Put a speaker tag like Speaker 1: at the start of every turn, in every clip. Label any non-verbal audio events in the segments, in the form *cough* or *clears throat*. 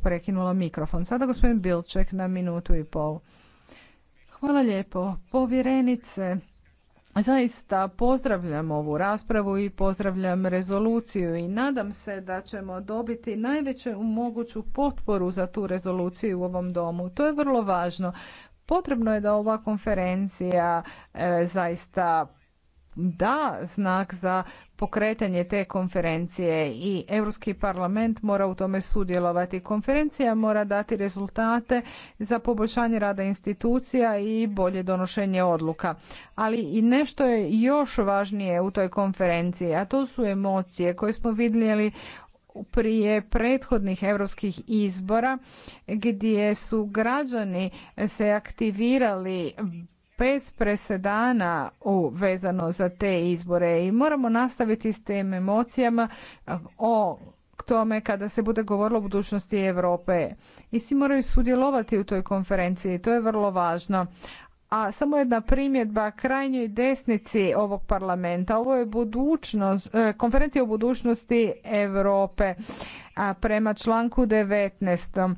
Speaker 1: prekinula mikrofon. Sada gospodin Bilček na minutu i pol. Hvala lijepo. Povjerenice, Zaista pozdravljam ovu raspravu i pozdravljam rezoluciju i nadam se da ćemo dobiti najveću moguću potporu za tu rezoluciju u ovom domu. To je vrlo važno. Potrebno je da ova konferencija e, zaista da znak za pokretanje te konferencije i Europski parlament mora u tome sudjelovati. Konferencija mora dati rezultate za poboljšanje rada institucija i bolje donošenje odluka. Ali i nešto je još važnije u toj konferenciji, a to su emocije koje smo vidjeli prije prethodnih europskih izbora gdje su građani se aktivirali bez presedana u vezano za te izbore i moramo nastaviti s tim emocijama o tome kada se bude govorilo o budućnosti Europe. I svi moraju sudjelovati u toj konferenciji, to je vrlo važno. A samo jedna primjedba krajnjoj desnici ovog parlamenta. Ovo je budućnost, e, konferencija o budućnosti Europe prema članku 19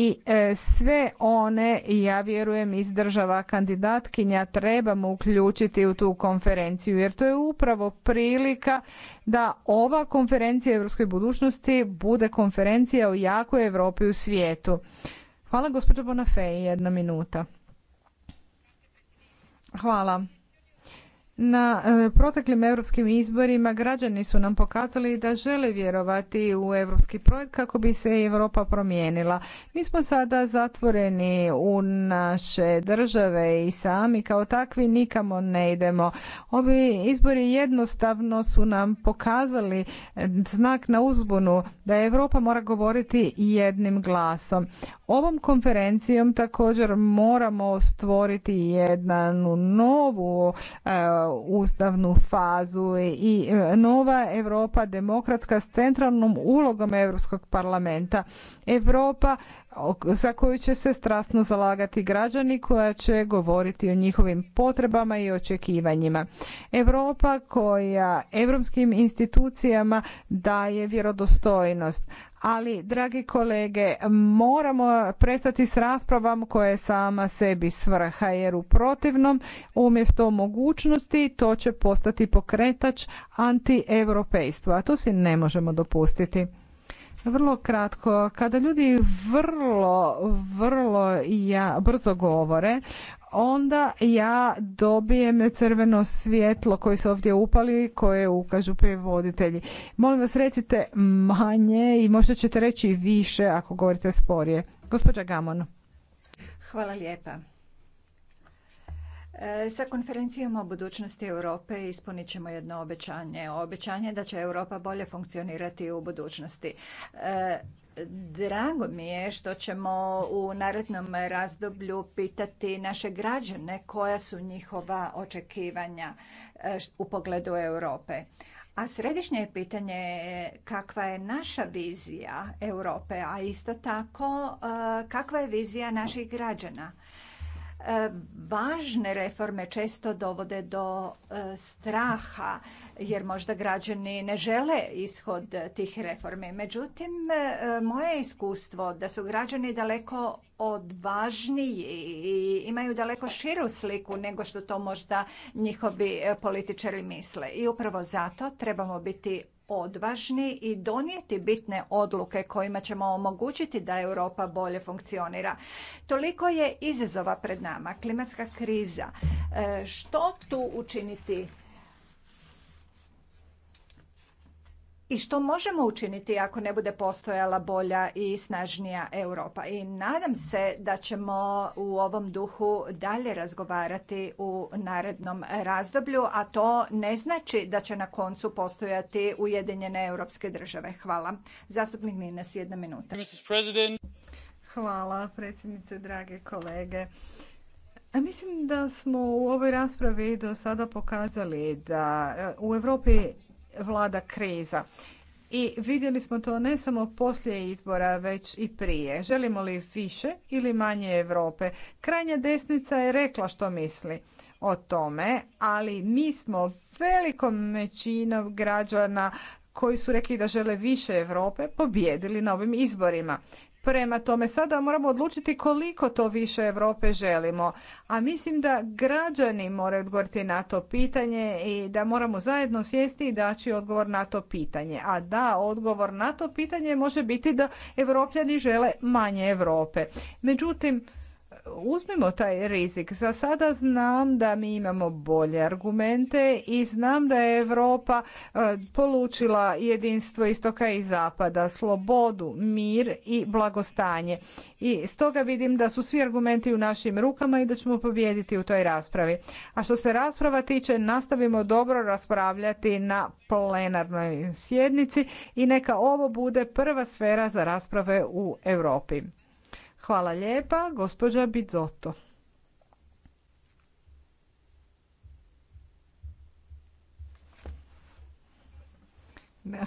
Speaker 1: i e, sve one, ja vjerujem, iz država kandidatkinja trebamo uključiti u tu konferenciju jer to je upravo prilika da ova konferencija europskoj budućnosti bude konferencija o jakoj Europi u svijetu. Hvala gospođo Bonafej, jedna minuta. Hvala. Na e, proteklim europskim izborima građani su nam pokazali da žele vjerovati u europski projekt kako bi se Europa promijenila. Mi smo sada zatvoreni u naše države i sami kao takvi nikamo ne idemo. Ovi izbori jednostavno su nam pokazali znak na uzbunu da Europa mora govoriti jednim glasom. Ovom konferencijom također moramo stvoriti jednu novu e, ustavnu fazu i e, nova Europa demokratska s centralnom ulogom Europskog parlamenta. Europa za koju će se strastno zalagati građani koja će govoriti o njihovim potrebama i očekivanjima. Europa koja europskim institucijama daje vjerodostojnost. Ali, dragi kolege, moramo prestati s raspravom koja je sama sebi svrha, jer u protivnom, umjesto mogućnosti, to će postati pokretač anti a to si ne možemo dopustiti. Vrlo kratko, kada ljudi vrlo, vrlo ja, brzo govore, onda ja dobijem crveno svjetlo koje se ovdje upali, koje ukažu prevoditelji. Molim vas recite manje i možda ćete reći više ako govorite sporije. Gospođa Gamon.
Speaker 2: Hvala lijepa. E, sa konferencijom o budućnosti Europe ispunit ćemo jedno obećanje. Obećanje da će Europa bolje funkcionirati u budućnosti. E, drago mi je što ćemo u narednom razdoblju pitati naše građane koja su njihova očekivanja e, u pogledu Europe. A središnje je pitanje kakva je naša vizija Europe, a isto tako kakva je vizija naših građana. E, važne reforme često dovode do e, straha jer možda građani ne žele ishod tih reformi. Međutim, e, moje iskustvo da su građani daleko odvažniji i imaju daleko širu sliku nego što to možda njihovi političari misle. I upravo zato trebamo biti odvažni i donijeti bitne odluke kojima ćemo omogućiti da Europa bolje funkcionira. Toliko je izazova pred nama, klimatska kriza. E, što tu učiniti i što možemo učiniti ako ne bude postojala bolja i snažnija Europa. I nadam se da ćemo u ovom duhu dalje razgovarati u narednom razdoblju, a to ne znači da će na koncu postojati Ujedinjene europske države. Hvala. Zastupnik Nines, jedna minuta. Hvala predsjednice, drage kolege. A mislim da smo
Speaker 1: u ovoj raspravi do sada pokazali da u Europi vlada kriza. I vidjeli smo to ne samo poslije izbora, već i prije. Želimo li više ili manje Europe? Krajnja desnica je rekla što misli o tome, ali mi smo velikom većinom građana koji su rekli da žele više Europe pobijedili na ovim izborima. Prema tome, sada moramo odlučiti koliko to više Europe želimo. A mislim da građani moraju odgovoriti na to pitanje i da moramo zajedno sjesti i daći odgovor na to pitanje. A da, odgovor na to pitanje može biti da Evropljani žele manje Europe. Međutim, uzmimo taj rizik. Za sada znam da mi imamo bolje argumente i znam da je Europa e, polučila jedinstvo istoka i zapada, slobodu, mir i blagostanje. I stoga vidim da su svi argumenti u našim rukama i da ćemo pobijediti u toj raspravi. A što se rasprava tiče, nastavimo dobro raspravljati na plenarnoj sjednici i neka ovo bude prva sfera za rasprave u Europi. Hvala lijepa, gospođa Bizotto.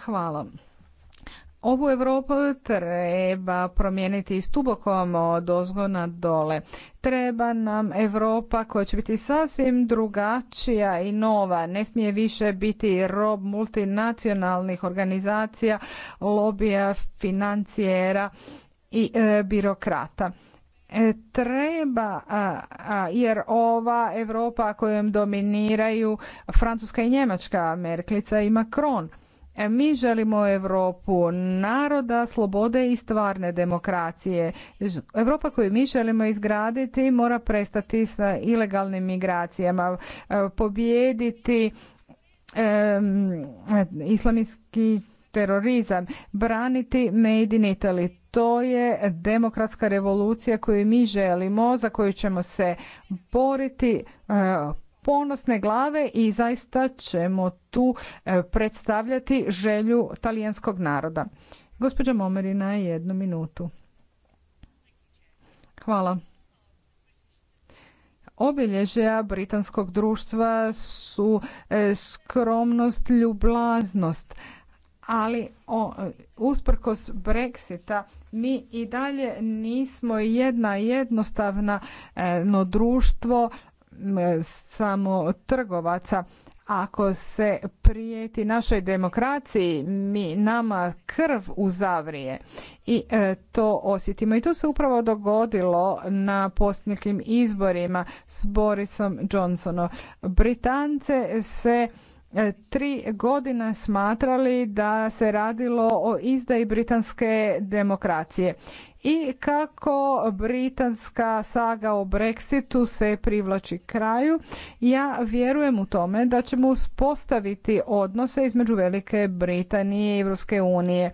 Speaker 1: Hvala. Ovu Europu treba promijeniti iz tubokom od dole. Treba nam Europa koja će biti sasvim drugačija i nova. Ne smije više biti rob multinacionalnih organizacija, lobija, financijera i e, birokrata. E, treba, jer ova Europa kojom dominiraju Francuska i Njemačka, Merklica i Macron, e, mi želimo Europu naroda, slobode i stvarne demokracije. Europa koju mi želimo izgraditi mora prestati sa ilegalnim migracijama, pobijediti islamski terorizam, braniti Made in Italy. To je demokratska revolucija koju mi želimo, za koju ćemo se boriti e, ponosne glave i zaista ćemo tu e, predstavljati želju talijanskog naroda. Gospođa Momerina, jednu minutu. Hvala. Obilježja britanskog društva su e, skromnost, ljublaznost ali o, usprkos Brexita mi i dalje nismo jedna jednostavna no, društvo samo trgovaca. Ako se prijeti našoj demokraciji, mi nama krv uzavrije i e, to osjetimo. I to se upravo dogodilo na posljednjim izborima s Borisom Johnsonom. Britance se E, tri godine smatrali da se radilo o izdaji britanske demokracije i kako britanska saga o Brexitu se privlači kraju. Ja vjerujem u tome da ćemo uspostaviti odnose između Velike Britanije i Europske unije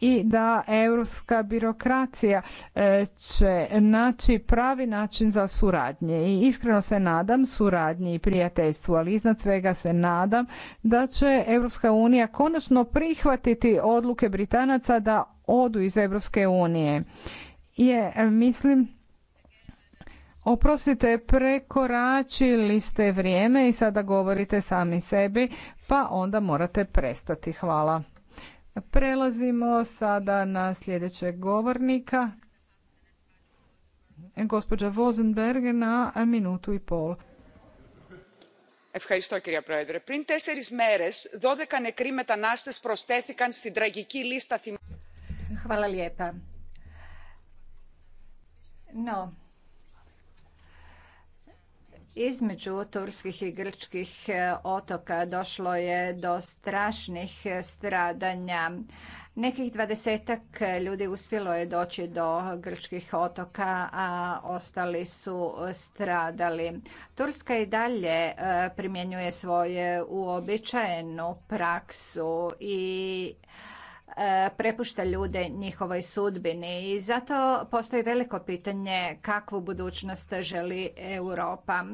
Speaker 1: i da europska birokracija e, će naći pravi način za suradnje i iskreno se nadam suradnji i prijateljstvu, ali iznad svega se nadam da će Europska unija konačno prihvatiti odluke Britanaca da odu iz Europske unije. Je, mislim, Oprostite, prekoračili ste vrijeme i sada govorite sami sebi, pa onda morate prestati. Hvala. Prelazimo sada na sljedećeg govornika, gospođa Vozenberg na minutu i pol.
Speaker 3: Ευχαριστώ κυρία Πρόεδρε. Πριν τέσσερις μέρες, 12 νεκροί μετανάστες προσθέθηκαν στην τραγική λίστα θυμάτων.
Speaker 2: Hvala lijepa. Između turskih i grčkih e, otoka došlo je do strašnih stradanja. Nekih dvadesetak ljudi uspjelo je doći do grčkih otoka, a ostali su stradali. Turska i dalje e, primjenjuje svoje uobičajenu praksu i E, prepušta ljude njihovoj sudbini i zato postoji veliko pitanje kakvu budućnost želi Europa.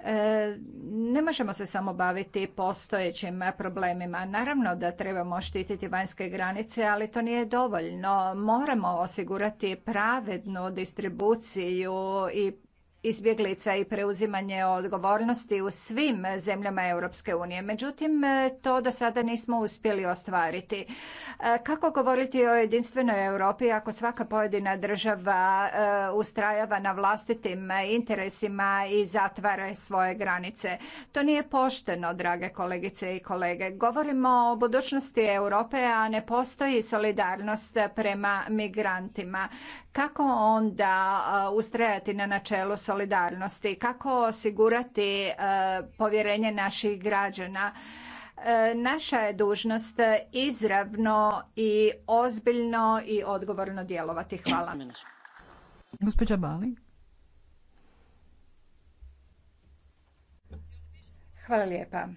Speaker 2: E, ne možemo se samo baviti postojećim problemima. Naravno da trebamo štititi vanjske granice, ali to nije dovoljno. Moramo osigurati pravednu distribuciju i izbjeglica i preuzimanje odgovornosti u svim zemljama Europske unije. Međutim, to do sada nismo uspjeli ostvariti. E, kako govoriti o jedinstvenoj Europi ako svaka pojedina država e, ustrajava na vlastitim interesima i zatvara svoje granice? To nije pošteno, drage kolegice i kolege. Govorimo o budućnosti Europe, a ne postoji solidarnost prema migrantima. Kako onda e, ustrajati na načelu solidarnosti? solidarnosti, kako osigurati e, povjerenje naših građana. E, naša je dužnost izravno i ozbiljno i odgovorno djelovati. Hvala. Gospođa Hvala lijepa.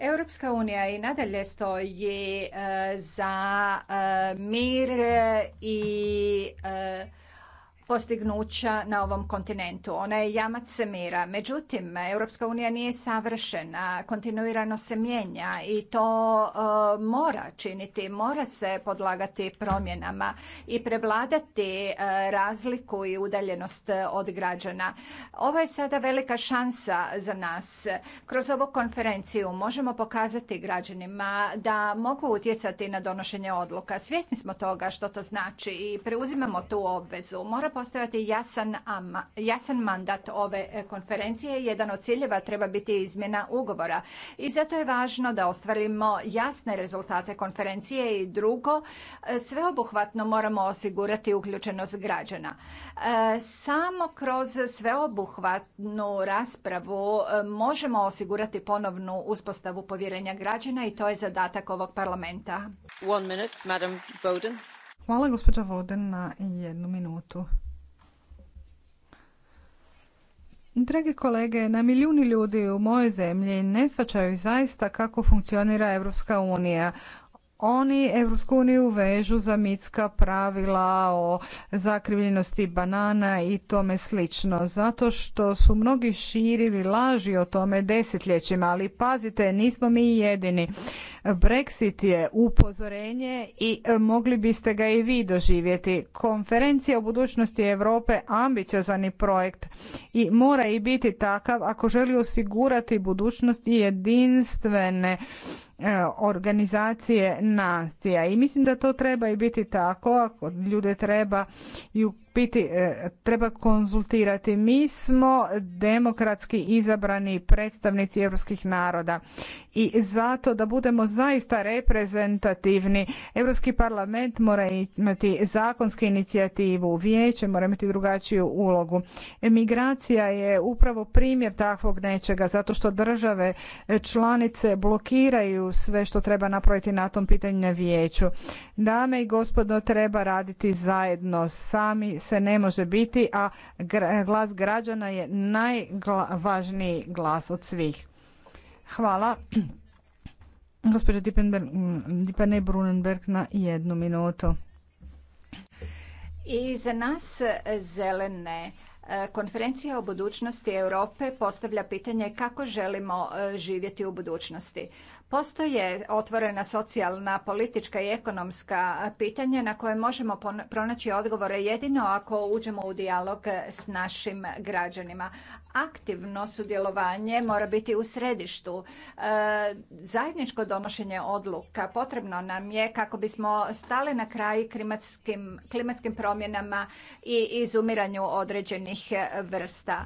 Speaker 2: Europska unija i nadalje stoji e, za mir i postignuća na ovom kontinentu. Ona je jamac mira. Međutim, Europska unija nije savršena, kontinuirano se mijenja i to e, mora činiti, mora se podlagati promjenama i prevladati e, razliku i udaljenost od građana. Ovo je sada velika šansa za nas. Kroz ovu konferenciju možemo pokazati građanima da mogu utjecati na donošenje odluka. Svjesni smo toga što to znači i preuzimamo tu obvezu. Mora postojati jasan, jasan mandat ove e, konferencije. Jedan od ciljeva treba biti izmjena ugovora. I zato je važno da ostvarimo jasne rezultate konferencije i drugo, e, sveobuhvatno moramo osigurati uključenost građana. E, samo kroz sveobuhvatnu raspravu možemo osigurati ponovnu uspostavu povjerenja građana i to je zadatak ovog parlamenta. One minute, Hvala gospođa Voden
Speaker 1: na jednu minutu. Drage kolege, na milijuni ljudi u mojoj zemlji ne svačaju zaista kako funkcionira Europska unija. Oni Europsku uniju vežu za mitska pravila o zakrivljenosti banana i tome slično, zato što su mnogi širili laži o tome desetljećima, ali pazite, nismo mi jedini. Brexit je upozorenje i mogli biste ga i vi doživjeti. Konferencija o budućnosti Europe ambiciozani projekt i mora i biti takav ako želi osigurati budućnost i jedinstvene E, organizacije nacija i mislim da to treba i biti tako ako ljude treba i biti, e, treba konzultirati. Mi smo demokratski izabrani predstavnici europskih naroda i zato da budemo zaista reprezentativni, Europski parlament mora imati zakonsku inicijativu, vijeće mora imati drugačiju ulogu. Emigracija je upravo primjer takvog nečega, zato što države članice blokiraju sve što treba napraviti na tom pitanju na vijeću. Dame i gospodo, treba raditi zajedno. Sami se ne može biti, a glas građana je najvažniji glas od svih. Hvala. *clears throat* Gospođa Dipane mm, Brunenberg na jednu minutu.
Speaker 2: I za nas zelene E, konferencija o budućnosti Europe postavlja pitanje kako želimo e, živjeti u budućnosti. Postoje otvorena socijalna, politička i ekonomska pitanja na koje možemo pronaći odgovore jedino ako uđemo u dijalog e, s našim građanima aktivno sudjelovanje mora biti u središtu. E, zajedničko donošenje odluka potrebno nam je kako bismo stali na kraj klimatskim, klimatskim promjenama i izumiranju određenih vrsta.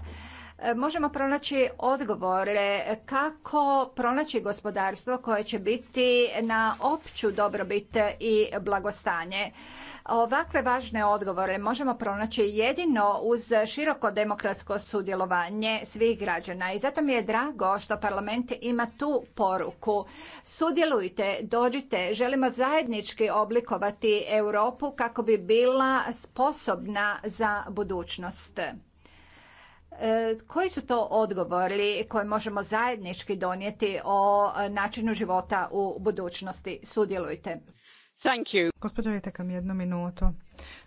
Speaker 2: E, možemo pronaći odgovore kako pronaći gospodarstvo koje će biti na opću dobrobit i blagostanje. Ovakve važne odgovore možemo pronaći jedino uz široko demokratsko sudjelovanje svih građana i zato mi je drago što parlament ima tu poruku. Sudjelujte, dođite, želimo zajednički oblikovati Europu kako bi bila sposobna za budućnost. E, koji su to odgovori koje možemo zajednički donijeti o načinu života u budućnosti? Sudjelujte.
Speaker 1: Thank you. jednu minutu.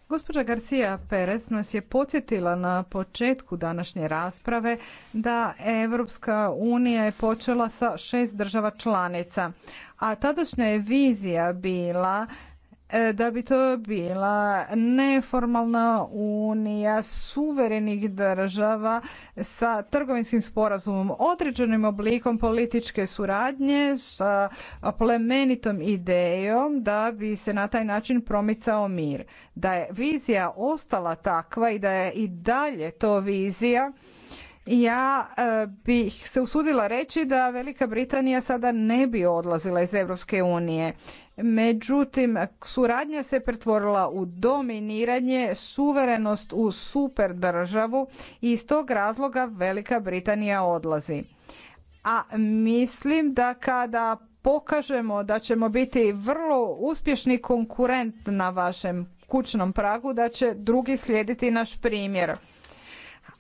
Speaker 1: Gospođa Garcia Perez nas je podsjetila na početku današnje rasprave da Evropska unija je počela sa šest država članica, a tadašnja je vizija bila E, da bi to bila neformalna unija suverenih država sa trgovinskim sporazumom, određenim oblikom političke suradnje sa plemenitom idejom da bi se na taj način promicao mir. Da je vizija ostala takva i da je i dalje to vizija ja e, bih se usudila reći da Velika Britanija sada ne bi odlazila iz Europske unije. Međutim, suradnja se pretvorila u dominiranje, suverenost u super državu i iz tog razloga Velika Britanija odlazi. A mislim da kada pokažemo da ćemo biti vrlo uspješni konkurent na vašem kućnom pragu, da će drugi slijediti naš primjer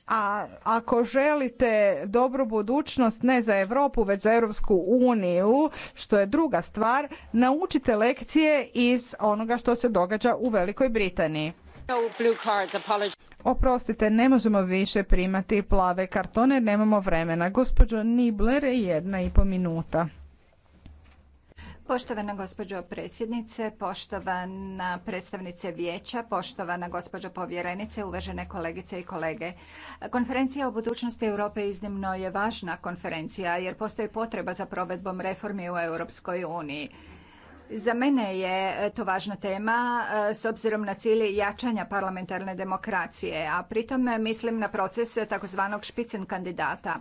Speaker 1: a ako želite dobru budućnost ne za Europu već za Europsku uniju, što je druga stvar, naučite lekcije iz onoga što se događa u Velikoj Britaniji. Oprostite, ne možemo više primati plave kartone, nemamo vremena. Gospođo Nibler, jedna i po minuta.
Speaker 2: Poštovana gospođo predsjednice, poštovana predstavnice vijeća, poštovana gospođo povjerenice, uvažene kolegice i kolege. Konferencija o budućnosti Europe iznimno je važna konferencija jer postoji potreba za provedbom reformi u Europskoj uniji. Za mene je to važna tema eh, s obzirom na cilje jačanja parlamentarne demokracije, a pritom mislim na proces takozvanog špicen kandidata.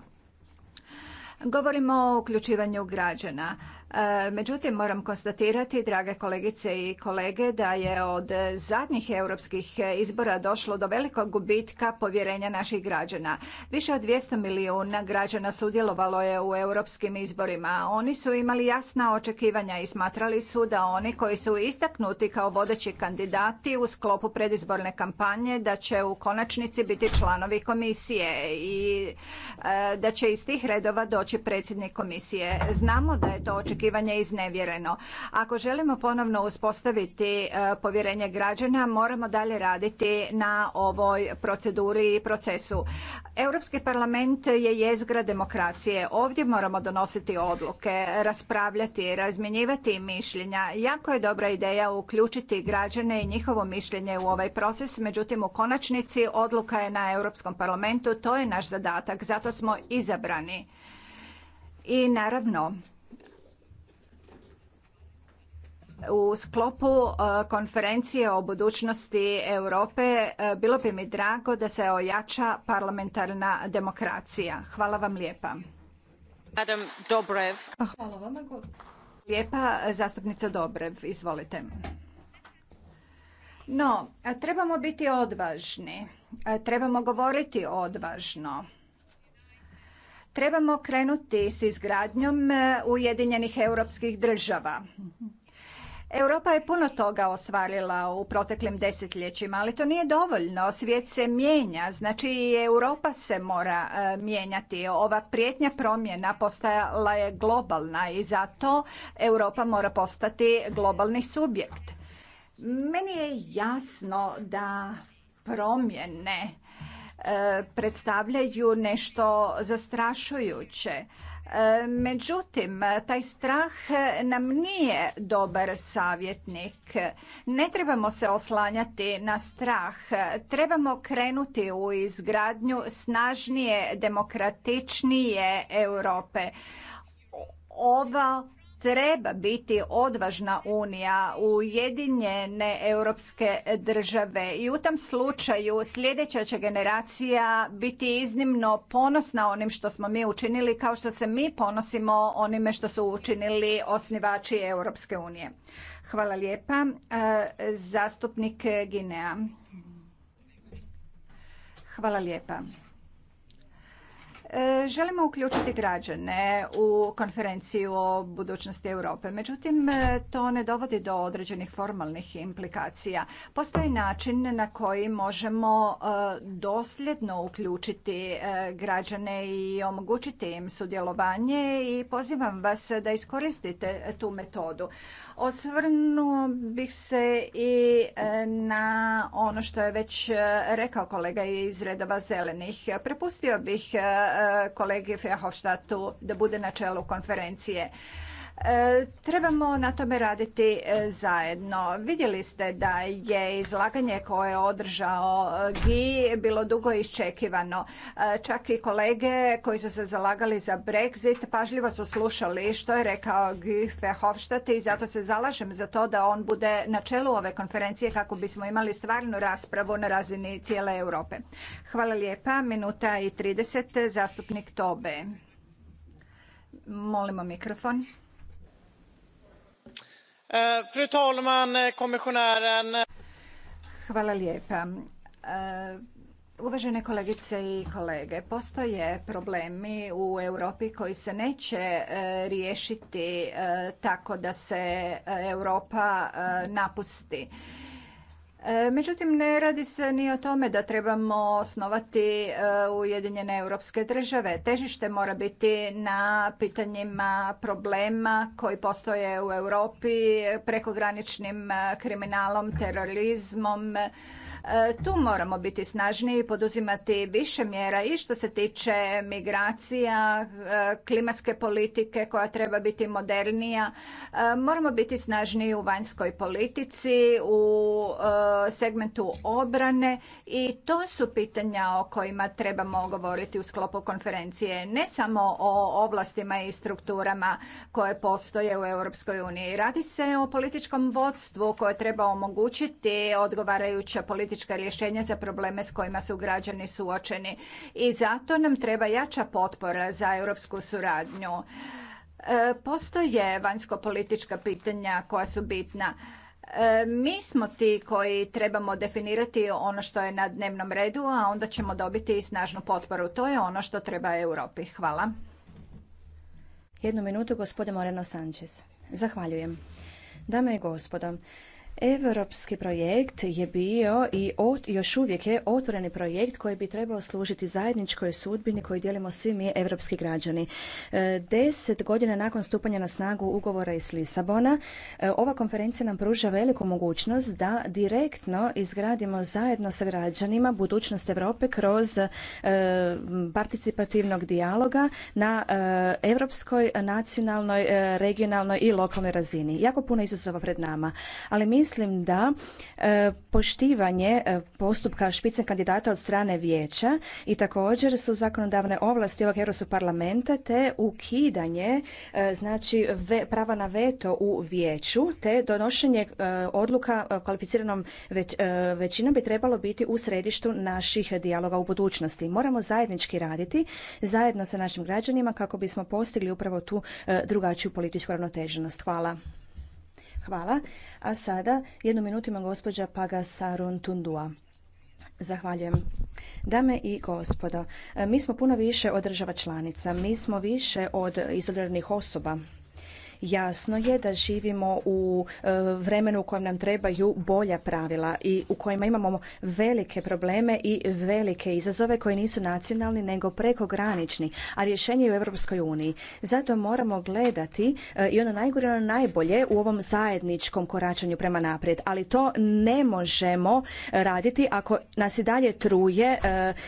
Speaker 2: Govorimo o uključivanju građana. E, međutim, moram konstatirati, drage kolegice i kolege, da je od zadnjih europskih izbora došlo do velikog gubitka povjerenja naših građana. Više od 200 milijuna građana sudjelovalo je u europskim izborima. Oni su imali jasna očekivanja i smatrali su da oni koji su istaknuti kao vodeći kandidati u sklopu predizborne kampanje da će u konačnici biti članovi komisije i e, da će iz tih redova doći predsjednik komisije. Znamo da je to očekivanje očekivanje iznevjereno. Ako želimo ponovno uspostaviti e, povjerenje građana, moramo dalje raditi na ovoj proceduri i procesu. Europski parlament je jezgra demokracije. Ovdje moramo donositi odluke, raspravljati, razmjenjivati mišljenja. Jako je dobra ideja uključiti građane i njihovo mišljenje u ovaj proces, međutim u konačnici odluka je na Europskom parlamentu, to je naš zadatak, zato smo izabrani. I naravno, u sklopu e, konferencije o budućnosti Europe e, bilo bi mi drago da se ojača parlamentarna demokracija. Hvala vam lijepa.
Speaker 1: Adam Dobrev. Hvala vam.
Speaker 2: Lijepa zastupnica Dobrev, izvolite. No, trebamo biti odvažni. Trebamo govoriti odvažno. Trebamo krenuti s izgradnjom e, Ujedinjenih europskih država. Europa je puno toga osvarila u proteklim desetljećima, ali to nije dovoljno. Svijet se mijenja, znači i Europa se mora e, mijenjati. Ova prijetnja promjena postajala je globalna i zato Europa mora postati globalni subjekt. Meni je jasno da promjene e, predstavljaju nešto zastrašujuće E, međutim, taj strah nam nije dobar savjetnik. Ne trebamo se oslanjati na strah. Trebamo krenuti u izgradnju snažnije, demokratičnije Europe. Ova treba biti odvažna unija ujedinjene europske države i u tom slučaju sljedeća će generacija biti iznimno ponosna onim što smo mi učinili kao što se mi ponosimo onime što su učinili osnivači Europske unije. Hvala lijepa. E, zastupnik Ginea. Hvala lijepa. E, želimo uključiti građane u konferenciju o budućnosti Europe, međutim e, to ne dovodi do određenih formalnih implikacija. Postoji način na koji možemo e, dosljedno uključiti građane i omogućiti im sudjelovanje i pozivam vas da iskoristite tu metodu. Osvrnuo bih se i na ono što je već rekao kolega iz redova zelenih. Prepustio bih kolegi Fehovštatu da bude na čelu konferencije. E, trebamo na tome raditi e, zajedno. Vidjeli ste da je izlaganje koje je održao e, Gi bilo dugo iščekivano. Čak i kolege koji su se zalagali za Brexit pažljivo su slušali što je rekao Gi Verhofstadt i zato se zalažem za to da on bude na čelu ove konferencije kako bismo imali stvarnu raspravu na razini cijele Europe. Hvala lijepa. Minuta i 30. Zastupnik Tobe. Molimo mikrofon. Eh, fru eh, Hvala lijepa. Eh, uvažene kolegice i kolege, postoje problemi u Europi koji se neće riješiti tako da se Europa napusti. E, međutim, ne radi se ni o tome da trebamo osnovati e, Ujedinjene europske države. Težište mora biti na pitanjima problema koji postoje u Europi, prekograničnim e, kriminalom, terorizmom, E, tu moramo biti snažniji i poduzimati više mjera i što se tiče migracija, e, klimatske politike koja treba biti modernija. E, moramo biti snažniji u vanjskoj politici, u segmentu obrane i to su pitanja o kojima trebamo govoriti u sklopu konferencije. Ne samo o ovlastima i strukturama koje postoje u Europskoj uniji. Radi se o političkom vodstvu koje treba omogućiti odgovarajuća politička politička rješenja za probleme s kojima su građani suočeni. I zato nam treba jača potpora za europsku suradnju. E, postoje vanjsko-politička pitanja koja su bitna. E, mi smo ti koji trebamo definirati ono što je na dnevnom redu, a onda ćemo dobiti i snažnu potporu. To je ono što treba Europi. Hvala. Jednu minutu, gospodin Moreno Sanchez. Zahvaljujem.
Speaker 4: Dame i gospodo, Europski projekt je bio i ot, još uvijek je otvoreni projekt koji bi trebao služiti zajedničkoj sudbini koju dijelimo svi mi europski građani. E, deset godina nakon stupanja na snagu ugovora iz Lisabona, e, ova konferencija nam pruža veliku mogućnost da direktno izgradimo zajedno sa građanima budućnost Europe kroz e, participativnog dijaloga na europskoj, nacionalnoj, regionalnoj i lokalnoj razini. Jako puno izazova pred nama, ali mi mislim da e, poštivanje e, postupka špice kandidata od strane vijeća i također su zakonodavne ovlasti ovog Europskog parlamenta te ukidanje e, znači prava na veto u vijeću te donošenje odluka kvalificiranom većinom bi trebalo biti u središtu naših dijaloga u budućnosti. Moramo zajednički raditi zajedno sa našim građanima kako bismo postigli upravo tu drugačiju političku ravnoteženost. Hvala. Hvala. A sada jednu minutu ima gospođa Paga Sarun Tundua. Zahvaljujem. Dame i gospodo, e, mi smo puno više od država članica, mi smo više od izoliranih osoba Jasno je da živimo u e, vremenu u kojem nam trebaju bolja pravila i u kojima imamo velike probleme i velike izazove koji nisu nacionalni nego prekogranični, a rješenje je u Europskoj uniji. Zato moramo gledati e, i ono najgore ono najbolje u ovom zajedničkom koračanju prema naprijed, ali to ne možemo raditi ako nas i dalje truje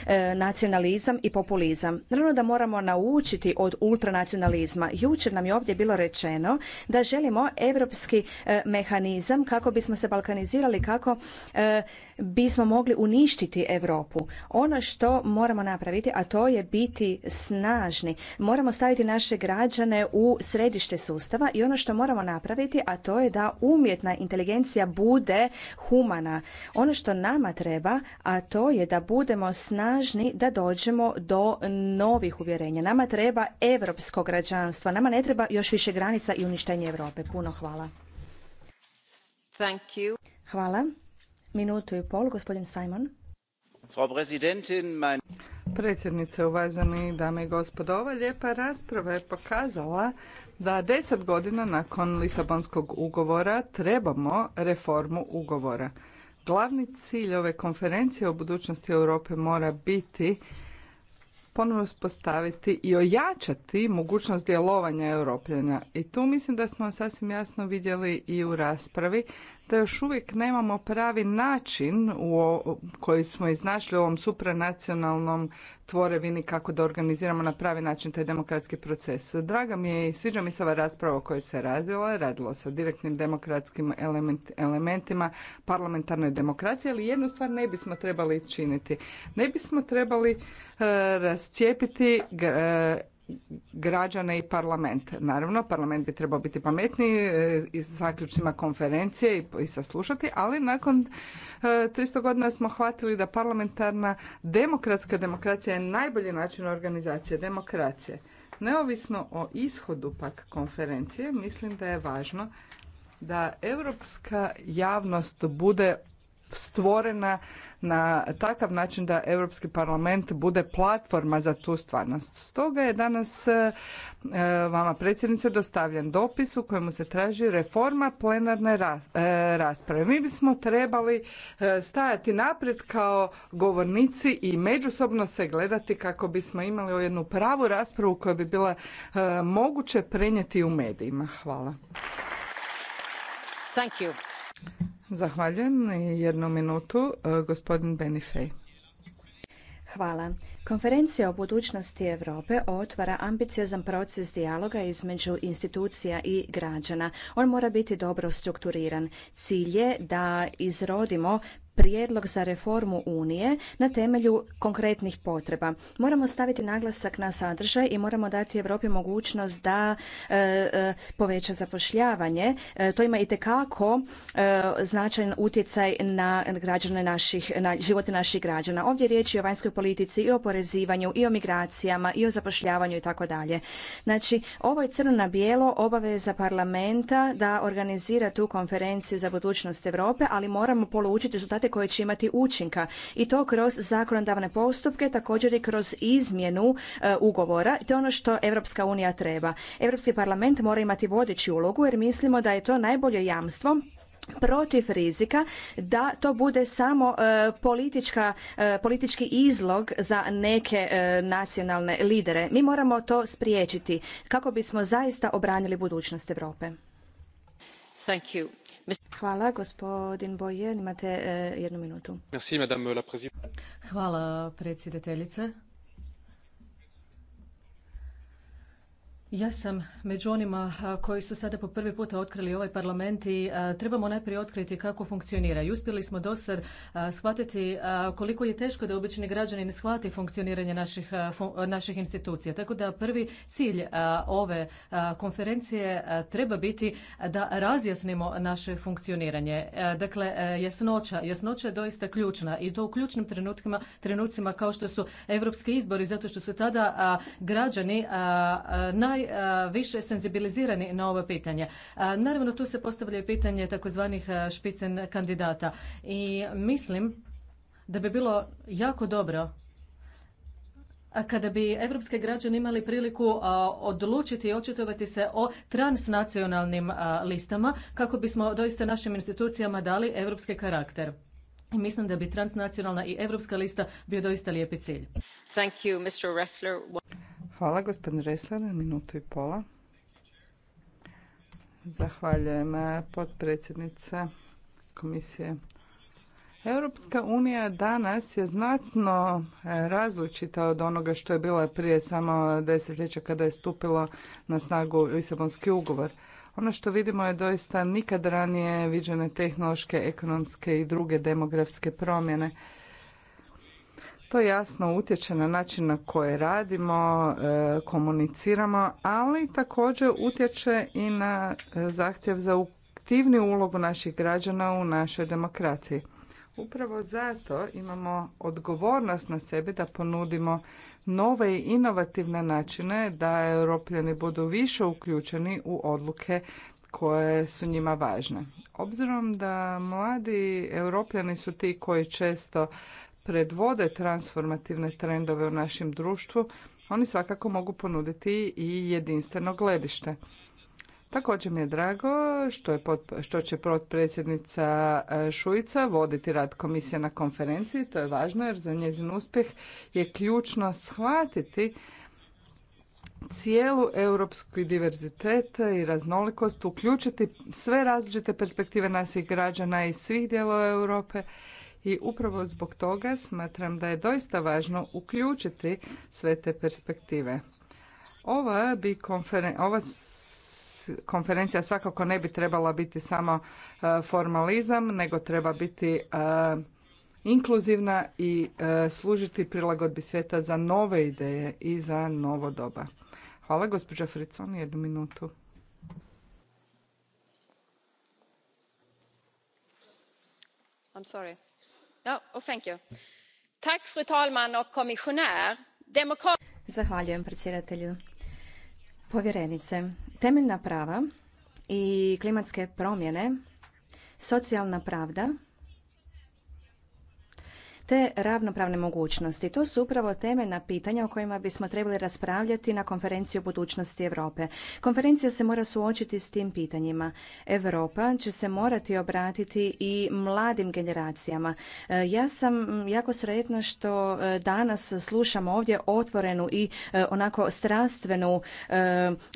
Speaker 4: e, nacionalizam i populizam. Naravno da moramo naučiti od ultranacionalizma. Jučer nam je ovdje bilo rečeno rečeno da želimo europski e, mehanizam kako bismo se balkanizirali, kako e, bismo mogli uništiti Europu. Ono što moramo napraviti, a to je biti snažni. Moramo staviti naše građane u središte sustava i ono što moramo napraviti, a to je da umjetna inteligencija bude humana. Ono što nama treba, a to je da budemo snažni da dođemo do novih uvjerenja. Nama treba europsko građanstvo. Nama ne treba još više granica i uništenje Europe. Puno hvala. Thank you. Hvala minutu i pol,
Speaker 3: Predsjednice, uvažene dame i gospodo, ova lijepa rasprava je pokazala da deset godina nakon Lisabonskog ugovora trebamo reformu ugovora. Glavni cilj ove konferencije o budućnosti Europe mora biti ponovno uspostaviti i ojačati mogućnost djelovanja europljana. I tu mislim da smo sasvim jasno vidjeli i u raspravi da još uvijek nemamo pravi način u, koji smo iznašli u ovom supranacionalnom tvorevini kako da organiziramo na pravi način taj demokratski proces. Draga mi je i sviđa mi se ova rasprava koja se radila. Radilo se o direktnim demokratskim element, elementima parlamentarne demokracije, ali jednu stvar ne bismo trebali činiti. Ne bismo trebali e, rascijepiti e, građane i parlament. Naravno, parlament bi trebao biti pametniji e, i sa zaključcima konferencije i saslušati, ali nakon 300 e, godina smo hvatili da parlamentarna demokratska demokracija je najbolji način organizacije demokracije. Neovisno o ishodu pak konferencije, mislim da je važno da europska javnost bude stvorena na takav način da Europski parlament bude platforma za tu stvarnost. Stoga je danas e, vama predsjednice dostavljen dopis u kojemu se traži reforma plenarne e, rasprave. Mi bismo trebali e, stajati naprijed kao govornici i međusobno se gledati kako bismo imali jednu pravu raspravu koja bi bila moguće prenijeti u medijima. Hvala. Zahvaljujem. Jednu minutu, e, gospodin Benifej.
Speaker 4: Hvala. Konferencija o budućnosti Europe otvara ambiciozan proces dijaloga između institucija i građana. On mora biti dobro strukturiran. Cilj je da izrodimo prijedlog za reformu Unije na temelju konkretnih potreba. Moramo staviti naglasak na sadržaj i moramo dati Europi mogućnost da e, e, poveća zapošljavanje. E, to ima i tekako značajan utjecaj na građane naših, na živote naših građana. Ovdje je riječ i o vanjskoj politici, i o porezivanju, i o migracijama, i o zapošljavanju i tako dalje. Znači, ovo je crno na bijelo obaveza parlamenta da organizira tu konferenciju za budućnost Europe, ali moramo polučiti rezultate rezultate koje će imati učinka i to kroz zakonodavne postupke, također i kroz izmjenu e, ugovora. To je ono što Europska unija treba. Europski parlament mora imati vodeću ulogu jer mislimo da je to najbolje jamstvo protiv rizika da to bude samo e, e, politički izlog za neke nacionalne lidere. Mi moramo to spriječiti kako bismo zaista obranili budućnost Europe. Hvala, gospodin Boje, imate eh, jednu minutu.
Speaker 5: Hvala, predsjedateljice. Ja sam među onima koji su sada po prvi puta otkrili ovaj parlament i trebamo najprije otkriti kako funkcionira. I uspjeli smo do sad shvatiti koliko je teško da obični građani ne shvati funkcioniranje naših, naših institucija. Tako da prvi cilj ove konferencije treba biti da razjasnimo naše funkcioniranje. Dakle, jasnoća. Jasnoća je doista ključna i to u ključnim trenutkima, trenucima kao što su europski izbori, zato što su tada građani naj Eh, više senzibilizirani na ovo pitanje. Eh, naravno, tu se postavlja pitanje takozvanih eh, špicen kandidata i mislim da bi bilo jako dobro kada bi evropske građani imali priliku odlučiti i očitovati se o transnacionalnim listama kako bismo doista našim institucijama dali evropski karakter. I mislim da bi transnacionalna i evropska lista bio doista lijepi cilj. Thank Hvala,
Speaker 3: gospodin Resler, minutu i pola. Zahvaljujem, eh, potpredsjednice komisije. Europska unija danas je znatno eh, različita od onoga što je bila prije samo desetljeća kada je stupilo na snagu Lisabonski ugovor. Ono što vidimo je doista nikad ranije viđene tehnološke, ekonomske i druge demografske promjene to jasno utječe na način na koji radimo, e, komuniciramo, ali također utječe i na zahtjev za aktivniju ulogu naših građana u našoj demokraciji. Upravo zato imamo odgovornost na sebi da ponudimo nove i inovativne načine da europljani budu više uključeni u odluke koje su njima važne. Obzirom da mladi europljani su ti koji često predvode transformativne trendove u našem društvu, oni svakako mogu ponuditi i jedinstveno gledište. Također mi je drago što, je što će potpredsjednica e, Šujica voditi rad komisije na konferenciji. To je važno jer za njezin uspjeh je ključno shvatiti cijelu europsku diverzitet i raznolikost, uključiti sve različite perspektive naših građana iz svih dijelova Europe i upravo zbog toga smatram da je doista važno uključiti sve te perspektive. Ova bi ova konferencija svakako ne bi trebala biti samo e, formalizam, nego treba biti e, inkluzivna i e, služiti prilagodbi svijeta za nove ideje i za novo doba. Hvala, gospođa Fricon, jednu minutu.
Speaker 2: I'm sorry fru talman
Speaker 4: zahvaljujem predsjedatelju povjerenice temeljna prava i klimatske promjene socijalna pravda te ravnopravne mogućnosti. To su upravo temeljna pitanja o kojima bismo trebali raspravljati na konferenciji o budućnosti Europe. Konferencija se mora suočiti s tim pitanjima. Europa će se morati obratiti i mladim generacijama. E, ja sam jako sretna što e, danas slušam ovdje otvorenu i e, onako strastvenu,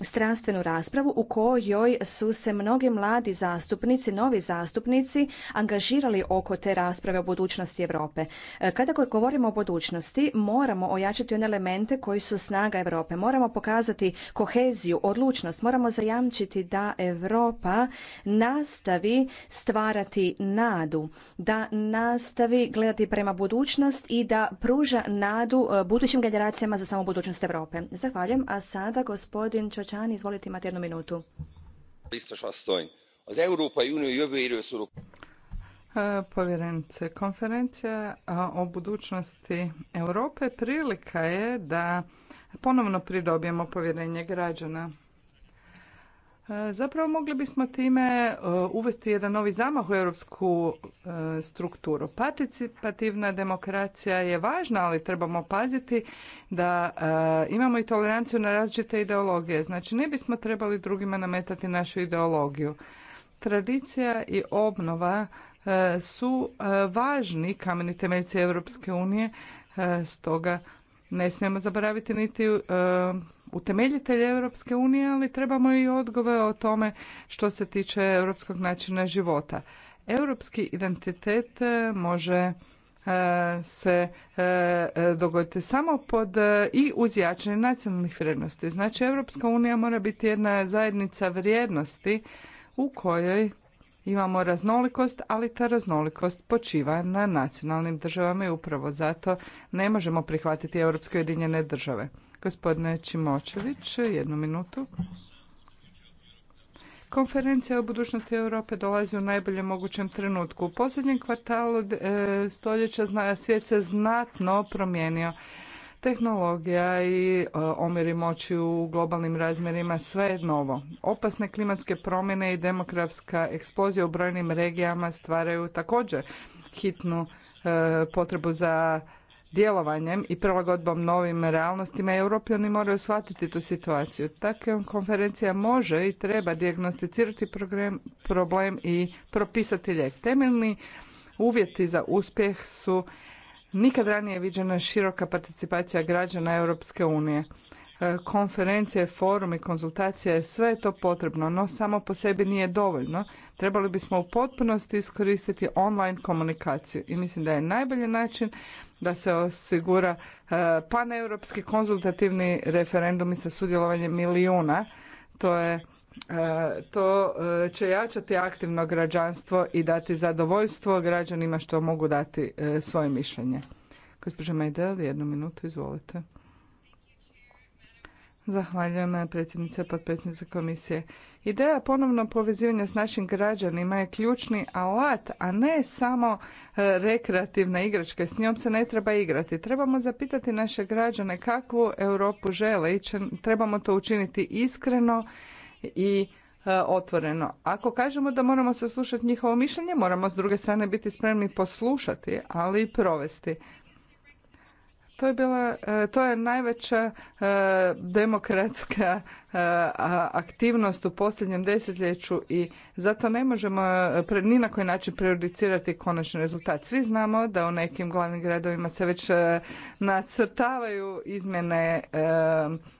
Speaker 4: strastvenu raspravu u kojoj su se mnogi mladi zastupnici, novi zastupnici angažirali oko te rasprave o budućnosti Europe. E, kada govorimo o budućnosti, moramo ojačati one elemente koji su snaga Europe. Moramo pokazati koheziju, odlučnost, moramo zajamčiti da Europa nastavi stvarati nadu, da nastavi gledati prema budućnost i da pruža nadu e, budućim generacijama za samo budućnost Europe. Zahvaljujem, a sada gospodin Čočani, izvolite imate jednu minutu. E, povjerenice. Konferencija o
Speaker 3: budućnosti Europe prilika je da ponovno pridobijemo povjerenje građana. E, zapravo mogli bismo time e, uvesti jedan novi zamah u europsku strukturu. Participativna demokracija je važna, ali trebamo paziti da imamo i toleranciju na različite ideologije. Znači ne bismo trebali drugima nametati našu ideologiju. Tradicija i obnova E, su e, važni kameni temeljci Europske unije, e, stoga ne smijemo zaboraviti niti utemeljitelje Europske unije, ali trebamo i odgovore o tome što se tiče europskog načina života. Europski identitet može se dogoditi samo pod i uz jačanje nacionalnih vrijednosti. Znači Europska unija mora biti jedna zajednica vrijednosti u kojoj Imamo raznolikost, ali ta raznolikost počiva na nacionalnim državama i upravo zato ne možemo prihvatiti Europske ujedinjene države. Gospodine Čimočević, jednu minutu. Konferencija o budućnosti Europe dolazi u najboljem mogućem trenutku. U posljednjem kvartalu e, stoljeća svijet se znatno promijenio tehnologija i e, omjeri moći u globalnim razmjerima sve je novo. Opasne klimatske promjene i demografska eksplozija u brojnim regijama stvaraju također hitnu e, potrebu za djelovanjem i prilagodbom novim realnostima europljani moraju shvatiti tu situaciju. Takva konferencija može i treba dijagnosticirati problem i propisati lijek. Temeljni uvjeti za uspjeh su Nikad ranije viđena široka participacija građana Europske unije. E, konferencije, forumi, konzultacije, sve je to potrebno, no samo po sebi nije dovoljno. Trebali bismo u potpunosti iskoristiti online komunikaciju i mislim da je najbolji način da se osigura e, paneuropski konzultativni referendum i sa sudjelovanjem milijuna. To je E, to e, će jačati aktivno građanstvo i dati zadovoljstvo građanima što mogu dati e, svoje mišljenje. Gospođa Majdel, jednu minutu, izvolite. Zahvaljujem predsjednice, potpredsjednice komisije. Ideja ponovno povezivanja s našim građanima je ključni alat, a ne samo rekreativna igračka. S njom se ne treba igrati. Trebamo zapitati naše građane kakvu Europu žele i trebamo to učiniti iskreno i e, otvoreno. Ako kažemo da moramo saslušati njihovo mišljenje, moramo s druge strane biti spremni poslušati, ali i provesti. To je, bila, e, to je najveća e, demokratska aktivnost u posljednjem desetljeću i zato ne možemo ni na koji način prejudicirati konačni rezultat. Svi znamo da u nekim glavnim gradovima se već nacrtavaju izmjene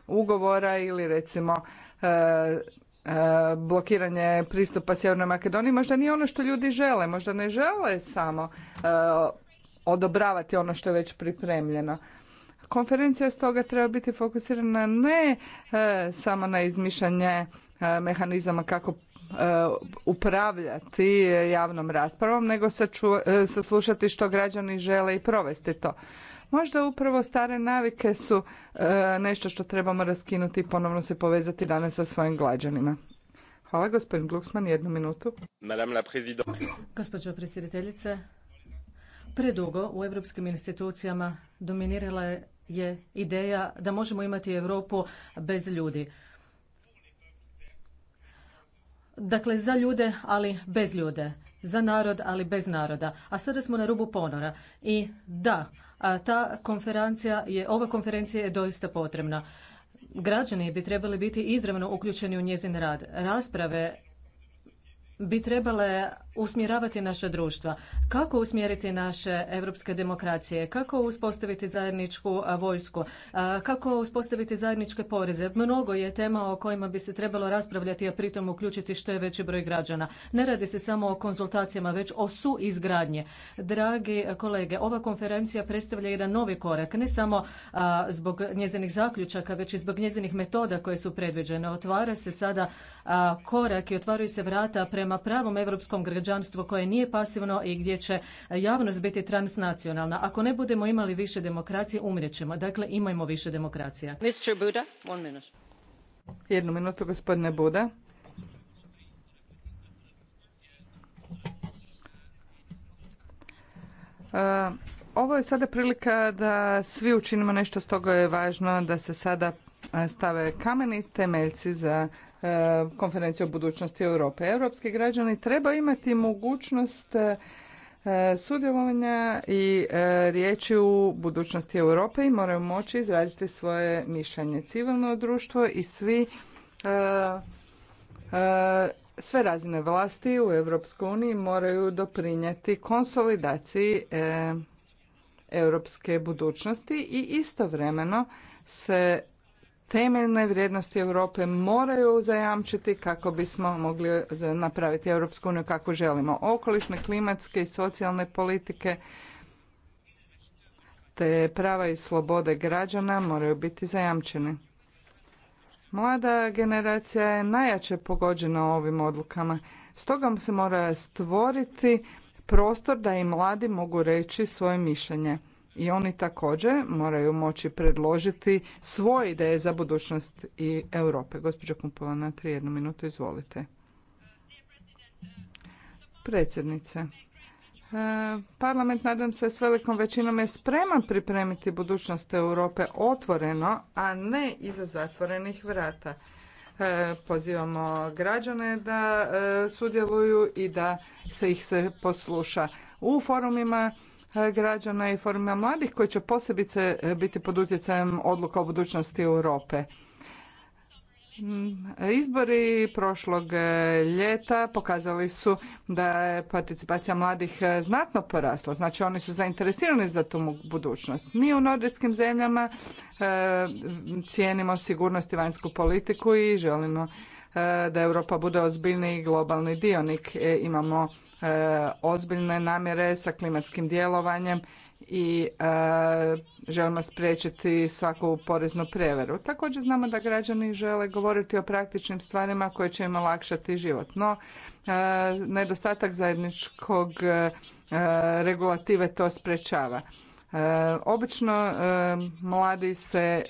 Speaker 3: ugovora ili recimo E, e, blokiranje pristupa Sjevernoj Makedoniji možda nije ono što ljudi žele, možda ne žele samo e, odobravati ono što je već pripremljeno. Konferencija stoga treba biti fokusirana ne samo na izmišljanje mehanizama kako upravljati javnom raspravom, nego saslušati što građani žele i provesti to. Možda upravo stare navike su e, nešto što trebamo raskinuti i ponovno se povezati danas sa svojim građanima. Hvala, gospodin Glucksman, jednu minutu. Madame la
Speaker 5: Gospođo predsjediteljice, predugo u europskim institucijama dominirala je ideja da možemo imati Europu bez ljudi. Dakle, za ljude, ali bez ljude. Za narod, ali bez naroda. A sada smo na rubu ponora. I da, a ta konferencija je, ova konferencija je doista potrebna. Građani bi trebali biti izravno uključeni u njezin rad. Rasprave bi trebale usmjeravati naše društva, kako usmjeriti naše europske demokracije, kako uspostaviti zajedničku vojsku, kako uspostaviti zajedničke poreze. Mnogo je tema o kojima bi se trebalo raspravljati, a pritom uključiti što je veći broj građana. Ne radi se samo o konzultacijama, već o suizgradnje. Dragi kolege, ova konferencija predstavlja jedan novi korak, ne samo zbog njezinih zaključaka, već i zbog njezinih metoda koje su predviđene. Otvara se sada korak i otvaraju se vrata prema pravom europskom građanstvo koje nije pasivno i gdje će javnost biti transnacionalna. Ako ne budemo imali više demokracije, ćemo. Dakle, imajmo više demokracija. Jednu minutu, gospodine Buda.
Speaker 3: ovo je sada prilika da svi učinimo nešto, stoga je važno da se sada stave kameni temeljci za E, konferenciju o budućnosti Europe. Europski građani treba imati mogućnost e, sudjelovanja i e, riječi u budućnosti Europe i moraju moći izraziti svoje mišljenje. Civilno društvo i svi sve razine vlasti u EU uniji moraju doprinijeti konsolidaciji europske budućnosti i istovremeno se temeljne vrijednosti Europe moraju zajamčiti kako bismo mogli napraviti Europsku uniju kako želimo. Okolišne, klimatske i socijalne politike te prava i slobode građana moraju biti zajamčene. Mlada generacija je najjače pogođena ovim odlukama. Stoga se mora stvoriti prostor da i mladi mogu reći svoje mišljenje i oni također moraju moći predložiti svoje ideje za budućnost i Europe. Gospođo Kumpola, na tri jednu minutu, izvolite. Predsjednice, e, Parlament, nadam se, s velikom većinom je spreman pripremiti budućnost Europe otvoreno, a ne iza zatvorenih vrata. E, pozivamo građane da e, sudjeluju i da se ih se posluša. U forumima E, građana i forumima mladih koji će posebice e, biti pod utjecajem odluka o budućnosti Europe. Mm, izbori prošlog e, ljeta pokazali su da je participacija mladih znatno porasla, znači oni su zainteresirani za tu budućnost. Mi u nordijskim zemljama cijenimo sigurnost i vanjsku politiku i želimo da Europa bude ozbiljni globalni dionik. Imamo E, ozbiljne namjere sa klimatskim djelovanjem i e, želimo spriječiti svaku poreznu preveru. Također znamo da građani žele govoriti o praktičnim stvarima koje će im olakšati život, no e, nedostatak zajedničkog regulative to sprječava. Obično mladi se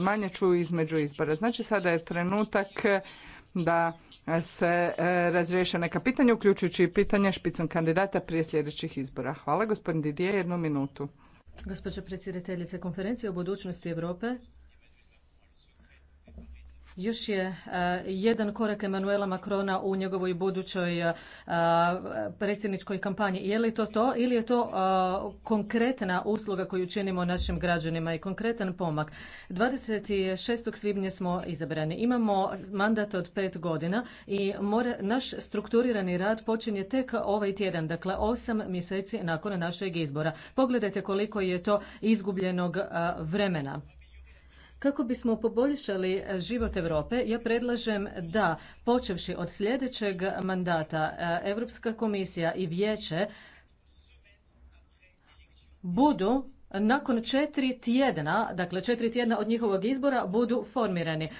Speaker 3: manje čuju između izbora. Znači sada je trenutak da se e, razriješe neka pitanja, uključujući i pitanja špicom kandidata prije sljedećih izbora. Hvala, gospodin Didije, jednu minutu.
Speaker 5: Gospođo predsjedateljice konferencije o budućnosti Europe još je e, jedan korak Emanuela Macrona u njegovoj budućoj e, predsjedničkoj kampanji. Je li to to ili je to e, konkretna usluga koju činimo našim građanima i konkretan pomak? 26. svibnja smo izabrani. Imamo mandat od pet godina i naš strukturirani rad počinje tek ovaj tjedan, dakle osam mjeseci nakon našeg izbora. Pogledajte koliko je to izgubljenog vremena. Kako bismo poboljšali e, život Europe, ja predlažem da, počevši od sljedećeg mandata, e, Europska komisija i vijeće budu nakon četiri tjedna, dakle četiri tjedna od njihovog izbora budu formirani. E,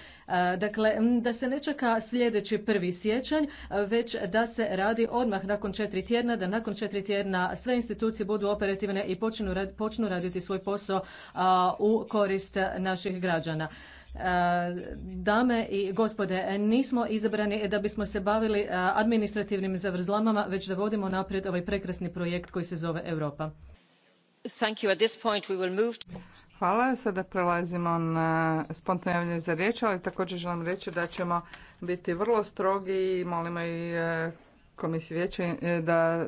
Speaker 5: dakle, da se ne čeka sljedeći prvi siječanj, već da se radi odmah nakon četiri tjedna, da nakon četiri tjedna sve institucije budu operativne i počnu, počnu raditi svoj posao u korist naših građana. E, dame i gospode, nismo izabrani da bismo se bavili e, administrativnim zavrzlamama, već da vodimo naprijed ovaj prekrasni projekt koji se zove Europa.
Speaker 3: Hvala. Sada prelazimo na spontane javljanje za riječ, ali također želim reći da ćemo biti vrlo strogi i molimo i e, komisiju vijeće da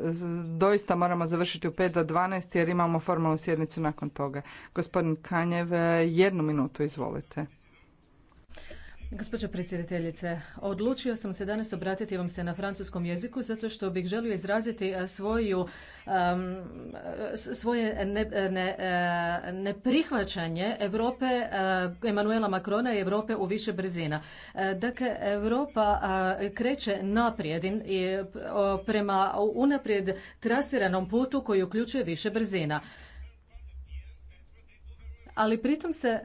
Speaker 3: doista moramo završiti u 5 do 12 jer imamo formalnu sjednicu nakon toga. Gospodin Kanjev, e, jednu minutu, izvolite.
Speaker 5: Gospođo predsjedateljice, odlučio sam se danas obratiti vam se na francuskom jeziku zato što bih želio izraziti e, svoju, svoje e, neprihvaćanje Europe e, Emanuela Macrona i Europe u više brzina. Dakle, Europa kreće naprijed i prema unaprijed trasiranom putu koji uključuje više brzina. Ali pritom se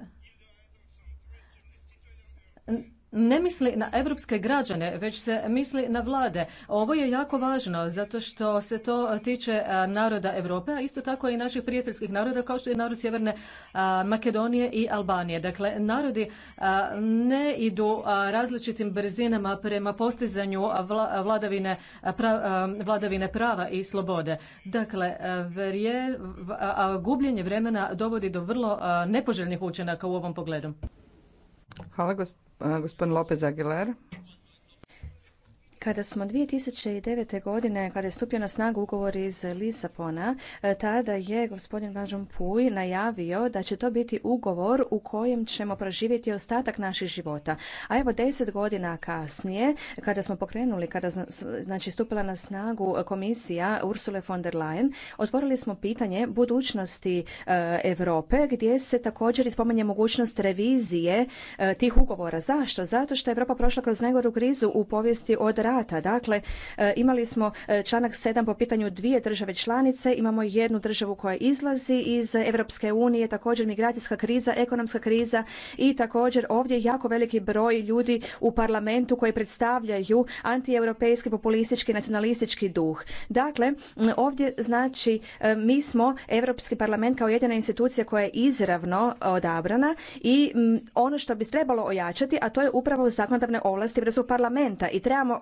Speaker 5: ne misli na europske građane, već se misli na vlade. Ovo je jako važno zato što se to tiče naroda Europe, a isto tako i naših prijateljskih naroda kao što je narod Sjeverne Makedonije i Albanije. Dakle, narodi ne idu različitim brzinama prema postizanju vladavine, vladavine prava i slobode. Dakle, gubljenje vremena dovodi do vrlo nepoželjnih učinaka u ovom pogledu.
Speaker 3: Hvala gospodine Gospodin Lopez Aguilar.
Speaker 5: Kada smo 2009. godine,
Speaker 4: kada je stupio na snagu ugovor iz Lisabona, e, tada je gospodin Van Puj najavio da će to biti ugovor u kojem ćemo proživjeti ostatak naših života. A evo deset godina kasnije, kada smo pokrenuli, kada znači stupila na snagu komisija Ursule von der Leyen, otvorili smo pitanje budućnosti e, Europe gdje se također ispominje mogućnost revizije e, tih ugovora. Zašto? Zato što je Europa prošla kroz najgoru krizu u povijesti od rata. Dakle, e, imali smo e, članak 7 po pitanju dvije države članice, imamo jednu državu koja izlazi iz Europske unije, također migracijska kriza, ekonomska kriza i također ovdje jako veliki broj ljudi u parlamentu koji predstavljaju antieuropejski, populistički, nacionalistički duh. Dakle, ovdje znači e, mi smo Europski parlament kao jedina institucija koja je izravno odabrana i ono što bi trebalo ojačati, a to je upravo zakonodavne ovlasti Europskog parlamenta i trebamo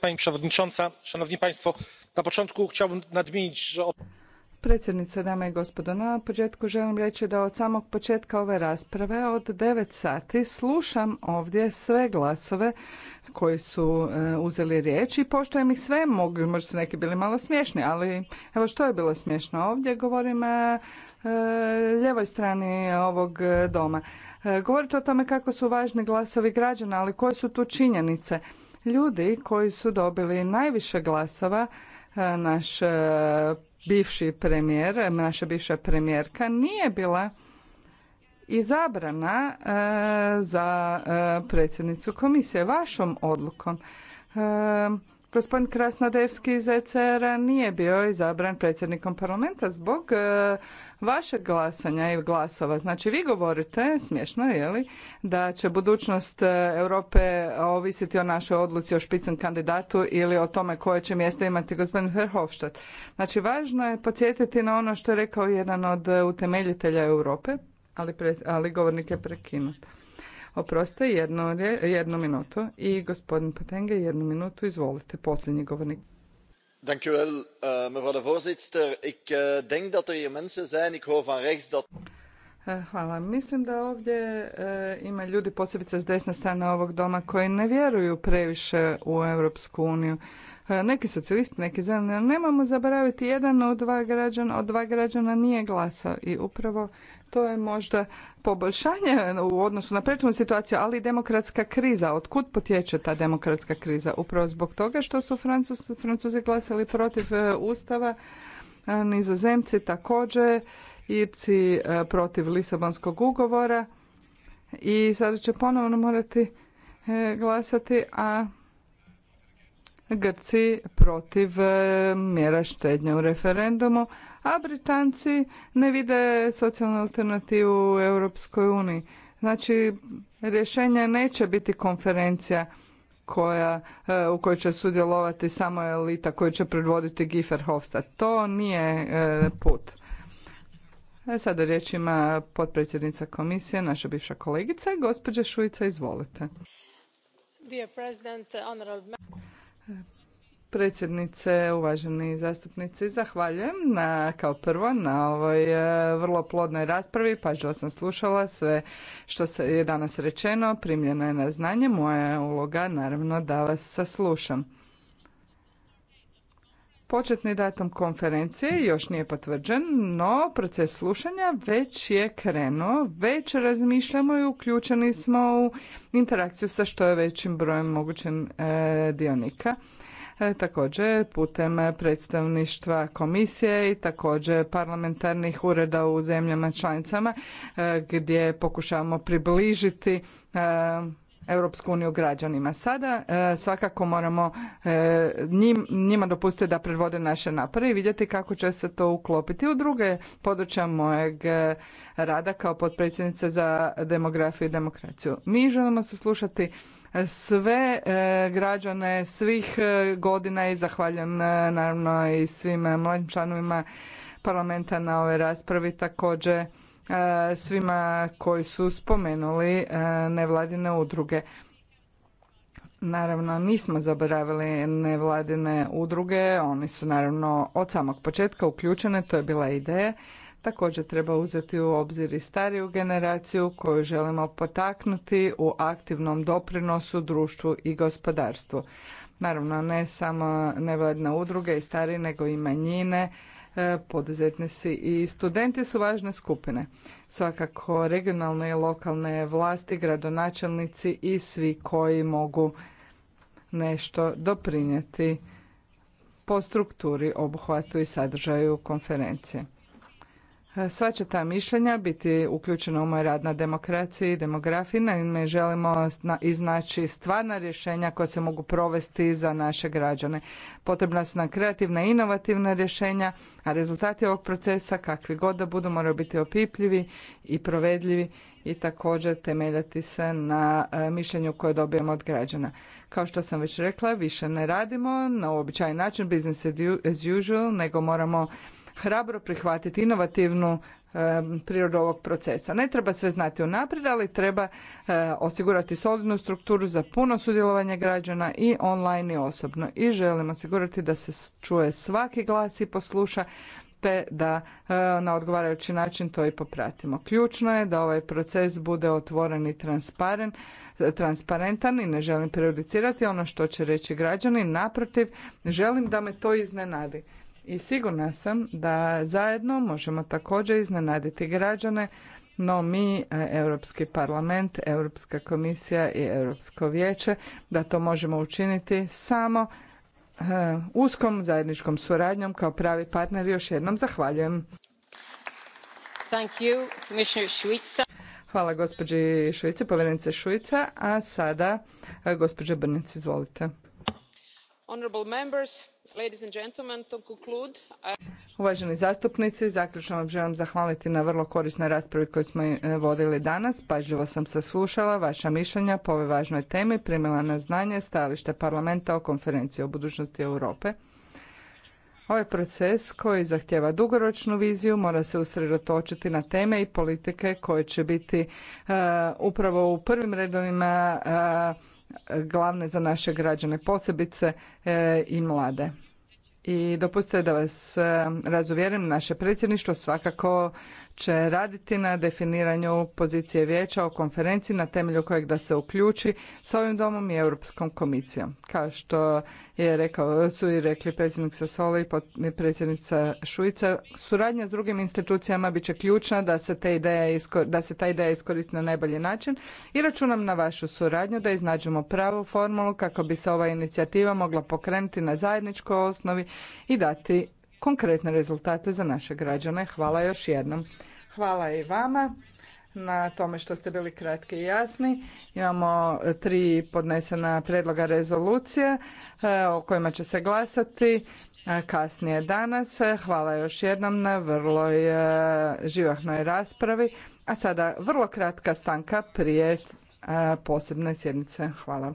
Speaker 6: pani przewodnicząca! na początku chciałbym nadmienić że.
Speaker 3: predsjednice dame i gospodo na početku želim reći da od samog početka ove rasprave od devet sati slušam ovdje sve glasove koji su e, uzeli riječ i poštujem ih sve mogu možda su neki bili malo smiješni ali evo što je bilo smiješno ovdje govorim e, e, lijevoj strani ovog doma. E, govorite o tome kako su važni glasovi građana ali koje su tu činjenice? ljudi koji su dobili najviše glasova, e, naš e, bivši premijer, e, naša bivša premijerka nije bila izabrana za predsjednicu komisije vašom odlukom. Gospodin Krasnodevski iz ECR-a nije bio izabran predsjednikom parlamenta zbog e, vašeg glasanja i glasova. Znači vi govorite, smiješno je li, da će budućnost e, Europe ovisiti o našoj odluci o špicen kandidatu ili o tome koje će mjesto imati gospodin Verhofstadt. Znači važno je podsjetiti na ono što je rekao jedan od e, utemeljitelja Europe, ali, ali govornik je prekinut. Oproste, jedno, jedno minuto i gospodin Patenge jednu minutu, izvolite, posljednji govornik.
Speaker 5: Dank u wel, eh, mevrouw de voorzitter. Ik eh, denk dat er hier mensen zijn, ik hoor van rechts dat...
Speaker 3: E, hvala. Mislim da ovdje e, ima ljudi posebice s desne strane ovog doma koji ne vjeruju previše u Europsku uniju. E, neki socijalisti, neki zeleni, nemamo zaboraviti jedan od dva građana, od dva građana nije glasao i upravo to je možda poboljšanje u odnosu na prethodnu situaciju, ali i demokratska kriza. Otkud potječe ta demokratska kriza? Upravo zbog toga što su Francuzi, Francuzi glasali protiv Ustava, nizozemci također Irci e, protiv Lisabonskog ugovora i sada će ponovno morati e, glasati, a Grci protiv e, mjera štednje u referendumu, a Britanci ne vide socijalnu alternativu u Europskoj uniji. Znači, rješenje neće biti konferencija koja, u kojoj će sudjelovati samo elita koju će predvoditi Gifer Hofstad. To nije put. Sada riječ ima potpredsjednica komisije, naša bivša kolegica, gospođa Šuica, izvolite. Predsjednice, uvaženi zastupnici, zahvaljujem na, kao prvo na ovoj e, vrlo plodnoj raspravi. Pažljivo sam slušala sve što je danas rečeno, primljeno je na znanje. Moja uloga naravno da vas saslušam. Početni datum konferencije još nije potvrđen, no proces slušanja već je krenuo, već razmišljamo i uključeni smo u interakciju sa što je većim brojem mogućim e, dionika. E, također putem predstavništva komisije i također parlamentarnih ureda u zemljama članicama e, gdje pokušavamo približiti Europsku uniju građanima. Sada e, svakako moramo e, njima dopustiti da predvode naše napore i vidjeti kako će se to uklopiti u druge područja mojeg e, rada kao potpredsjednice za demografiju i demokraciju. Mi želimo se slušati sve građane svih godina i zahvaljujem naravno i svim mladim članovima parlamenta na ovoj raspravi također E, svima koji su spomenuli e, nevladine udruge. Naravno, nismo zaboravili nevladine udruge, oni su naravno od samog početka uključene, to je bila ideja. Također treba uzeti u obzir i stariju generaciju koju želimo potaknuti u aktivnom doprinosu društvu i gospodarstvu. Naravno, ne samo nevladine udruge i stari, nego i manjine, E, poduzetnici i studenti su važne skupine. Svakako regionalne i lokalne vlasti, gradonačelnici i svi koji mogu nešto doprinijeti po strukturi, obuhvatu i sadržaju konferencije. E, sva će ta mišljenja biti uključena u moj rad na demokraciji i demografiji. Naime, želimo iznaći stvarna rješenja koja se mogu provesti za naše građane. Potrebna su nam kreativna i inovativna rješenja, a rezultati ovog procesa, kakvi god da budu, moraju biti opipljivi i provedljivi i također temeljati se na e, mišljenju koje dobijemo od građana. Kao što sam već rekla, više ne radimo na uobičajen način, business as usual, nego moramo hrabro prihvatiti inovativnu e, prirodu ovog procesa. Ne treba sve znati unaprijed, ali treba e, osigurati solidnu strukturu za puno sudjelovanje građana i online i osobno. I želim osigurati da se čuje svaki glas i posluša te da e, na odgovarajući način to i popratimo. Ključno je da ovaj proces bude otvoren i transparentan i ne želim prejudicirati ono što će reći građani. Naprotiv, želim da me to iznenadi i sigurna sam da zajedno možemo također iznenaditi građane, no mi, e, Europski parlament, Europska komisija i Europsko vijeće, da to možemo učiniti samo e, uskom zajedničkom suradnjom kao pravi partner. Još jednom zahvaljujem. Hvala gospođi Šuici, povjerenice Šuica. A sada e, gospođa Brnic, izvolite.
Speaker 1: Honorable members, Uh,
Speaker 3: Uvaženi zastupnici, zaključno vam želim zahvaliti na vrlo korisnoj raspravi koju smo e, vodili danas. Pažljivo sam saslušala vaša mišljenja po ovoj važnoj temi, primila na znanje stajalište parlamenta o konferenciji o budućnosti Europe. Ovaj proces koji zahtjeva dugoročnu viziju mora se usredotočiti na teme i politike koje će biti e, upravo u prvim redovima e, glavne za naše građane, posebice i mlade. I dopustite da vas eh, razuvjerim, naše predsjedništvo svakako će raditi na definiranju pozicije vijeća o konferenciji na temelju kojeg da se uključi s ovim domom i Europskom komisijom. Kao što je rekao, su i rekli predsjednik Sassoli i predsjednica Šuica, suradnja s drugim institucijama bit će ključna da se, te ideje, da se ta ideja iskoristi na najbolji način i računam na vašu suradnju da iznađemo pravu formulu kako bi se ova inicijativa mogla pokrenuti na zajedničkoj osnovi i dati konkretne rezultate za naše građane. Hvala još jednom. Hvala i vama na tome što ste bili kratki i jasni. Imamo tri podnesena predloga rezolucije e, o kojima će se glasati e, kasnije danas. Hvala još jednom na vrlo e, živahnoj raspravi. A sada vrlo kratka stanka prije posebne sjednice. Hvala.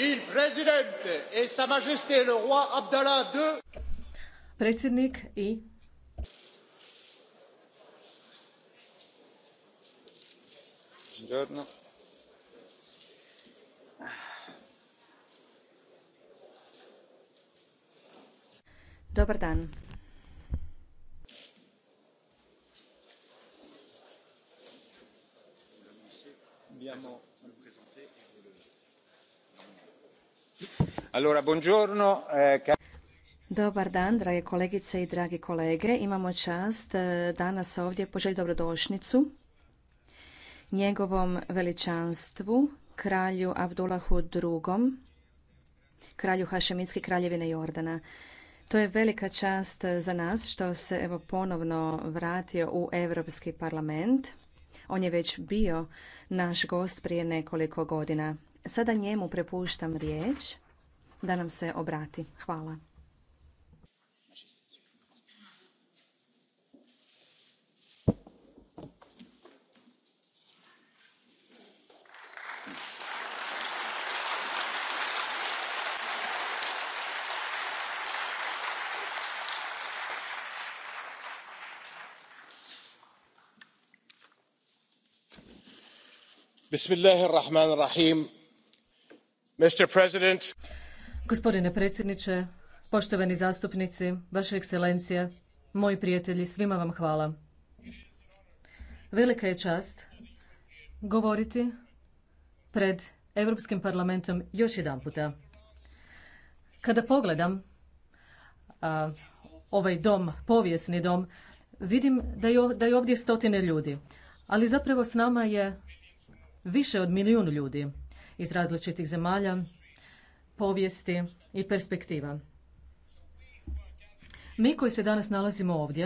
Speaker 6: Il presidente e sa majesté le roi Abdallah II.
Speaker 5: Predsjednik i
Speaker 3: Buongiorno.
Speaker 4: Dobar dan.
Speaker 6: Eh,
Speaker 4: Dobar dan, drage kolegice i dragi kolege. Imamo čast eh, danas ovdje poželj dobrodošnicu njegovom veličanstvu, kralju Abdullahu II, kralju Hašemitske kraljevine Jordana. To je velika čast eh, za nas što se evo ponovno vratio u Europski parlament. On je već bio naš gost prije nekoliko godina. Sada njemu prepuštam riječ da nam se obrati. Hvala.
Speaker 3: Bismillahirrahmanirrahim. Mr. President.
Speaker 5: Gospodine predsjedniče, poštovani zastupnici, vaše ekscelencije, moji prijatelji, svima vam hvala. Velika je čast govoriti pred Europskim parlamentom još jedan puta. Kada pogledam ovaj dom, povijesni dom, vidim da je, da je ovdje stotine ljudi. Ali zapravo s nama je više od milijun ljudi iz različitih zemalja, povijesti i perspektiva. Mi koji se danas nalazimo ovdje